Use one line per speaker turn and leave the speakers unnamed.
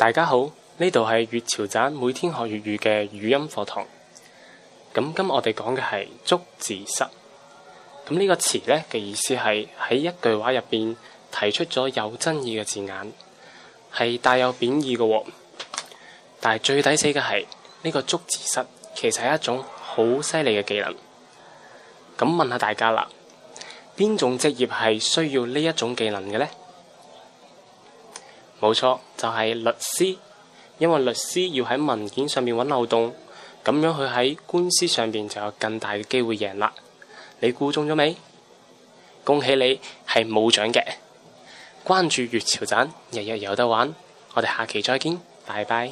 大家好，呢度係粵潮棧，每天學粵語嘅語音課堂。咁今日我哋講嘅係捉字虱。咁呢個詞呢，嘅意思係喺一句話入邊提出咗有爭議嘅字眼，係帶有貶義嘅。但係最抵死嘅係呢個捉字虱其實係一種好犀利嘅技能。咁問下大家啦，邊種職業係需要呢一種技能嘅呢？冇錯，就係律師，因為律師要喺文件上面揾漏洞，咁樣佢喺官司上邊就有更大嘅機會贏啦。你估中咗未？恭喜你係冇獎嘅。關注粵潮盞，日日有得玩。我哋下期再見，拜拜。